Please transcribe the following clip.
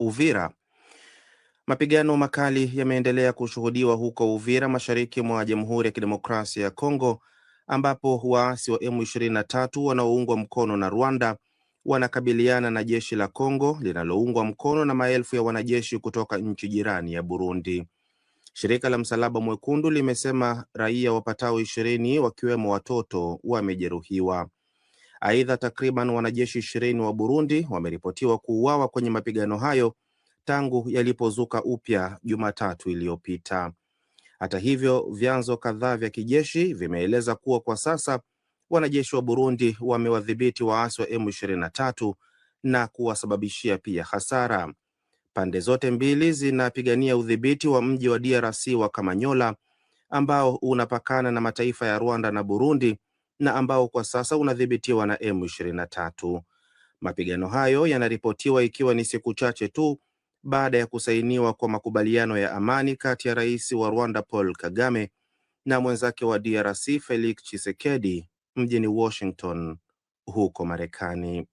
Uvira. Mapigano makali yameendelea kushuhudiwa huko Uvira, mashariki mwa Jamhuri ya Kidemokrasia ya Kongo, ambapo waasi wa M23 wanaoungwa mkono na Rwanda wanakabiliana na jeshi la Kongo linaloungwa mkono na maelfu ya wanajeshi kutoka nchi jirani ya Burundi. Shirika la Msalaba Mwekundu limesema raia wapatao ishirini wakiwemo watoto wamejeruhiwa. Aidha, takriban wanajeshi ishirini wa Burundi wameripotiwa kuuawa kwenye mapigano hayo tangu yalipozuka upya Jumatatu iliyopita. Hata hivyo, vyanzo kadhaa vya kijeshi vimeeleza kuwa kwa sasa wanajeshi wa Burundi wamewadhibiti waasi wa M23 na kuwasababishia pia hasara. Pande zote mbili zinapigania udhibiti wa mji wa DRC wa Kamanyola ambao unapakana na mataifa ya Rwanda na Burundi na ambao kwa sasa unadhibitiwa na M23. Mapigano hayo yanaripotiwa ikiwa ni siku chache tu baada ya kusainiwa kwa makubaliano ya amani kati ya Rais wa Rwanda Paul Kagame na mwenzake wa DRC Felix Tshisekedi mjini Washington huko Marekani.